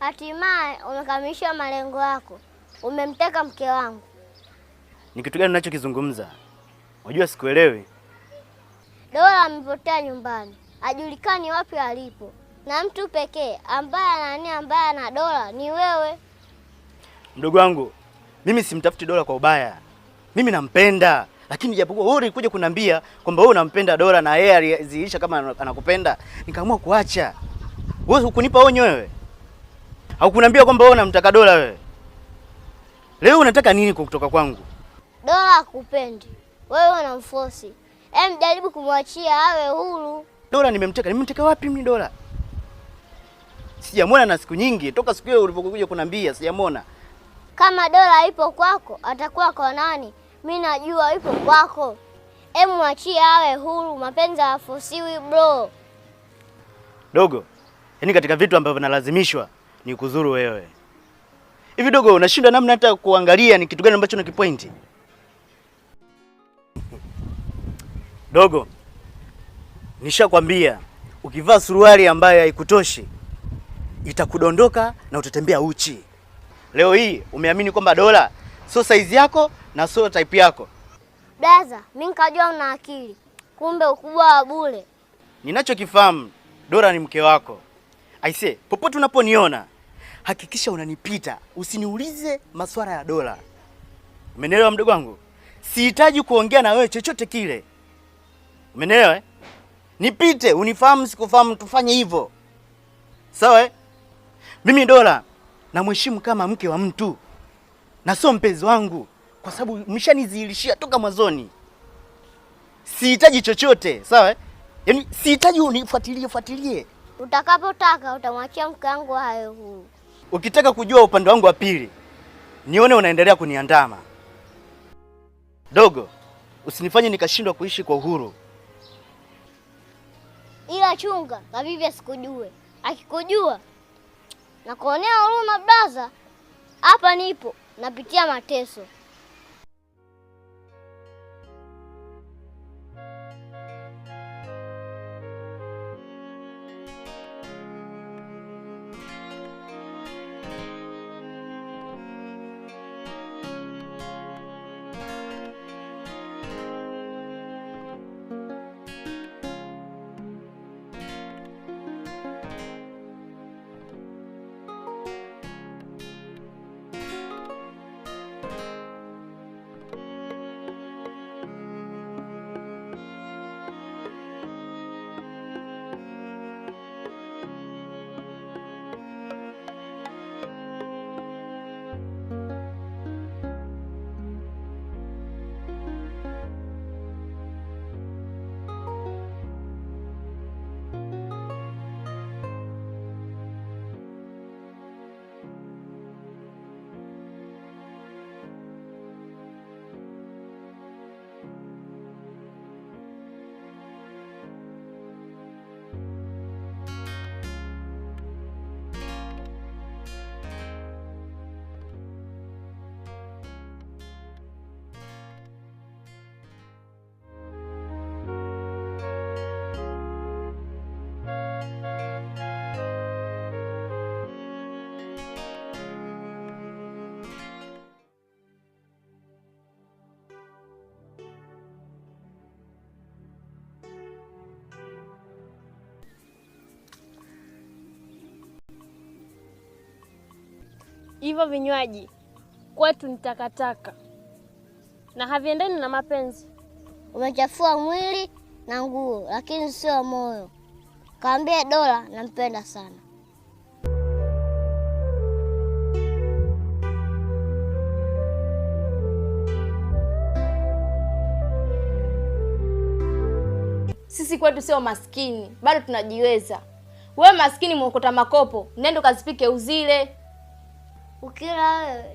Hatimaye umekamilisha malengo yako, umemteka mke wangu. Ni kitu gani unachokizungumza? Unajua sikuelewi. Dora amepotea nyumbani, hajulikani wapi alipo, na mtu pekee ambaye anani ambaye ana Dora ni wewe. Mdogo wangu, mimi simtafuti Dora kwa ubaya, mimi nampenda lakini japokuwa wewe ulikuja kuniambia kwamba wewe unampenda Dora na yeye aliziisha kama anakupenda, nikaamua kuacha. Wewe hukunipa onyo wewe. Haukuniambia kwamba wewe unamtaka Dola wewe? Leo unataka nini kwa kutoka kwangu? Dola akupendi. Wewe unamforce. Hem, jaribu kumwachia awe huru. Dola nimemteka. Nimemteka wapi mimi Dola? Sijamwona na siku nyingi toka siku hiyo ulipokuja kuniambia sijamwona. Kama Dola ipo kwako, atakuwa kwa nani? Mimi najua ipo kwako. Hem, mwachie awe huru. Mapenzi hayafosiwi bro. Dogo, yaani katika vitu ambavyo nalazimishwa ni kuzuru wewe. Hivi dogo, unashinda namna hata kuangalia ni kitu gani ambacho kipointi dogo. Nishakwambia, ukivaa suruali ambayo haikutoshi itakudondoka na utatembea uchi. Leo hii umeamini kwamba dola sio saizi yako na sio type yako. Blaza, mimi nikajua una akili, kumbe ukubwa wa bure. Ninachokifahamu, Dora ni mke wako. Aise, popote unaponiona hakikisha unanipita, usiniulize maswara ya dola. Umenielewa mdogo wangu? Sihitaji kuongea na wewe chochote kile, umenielewa eh? Nipite, unifahamu sikufahamu, tufanye hivyo sawa eh? Mimi dola namheshimu kama mke wa mtu na sio mpenzi wangu, kwa sababu mshanizihirishia toka mwanzoni. Sihitaji chochote sawa eh? Yaani sihitaji unifuatilie fuatilie Utakapotaka utamwachia mke wangu hayo huru. Ukitaka kujua upande wangu wa pili, nione unaendelea kuniandama dogo, usinifanye nikashindwa kuishi kwa uhuru. Ila chunga Kabibi asikujue, akikujua na kuonea huruma. Braza, hapa nipo napitia mateso. Hivyo vinywaji kwetu ni takataka na haviendani na mapenzi. Umechafua mwili na nguo, lakini sio moyo. Kaambie Dola nampenda sana. Sisi kwetu sio maskini, bado tunajiweza. Wewe maskini mwokota makopo, nenda ukazipike uzile. o que era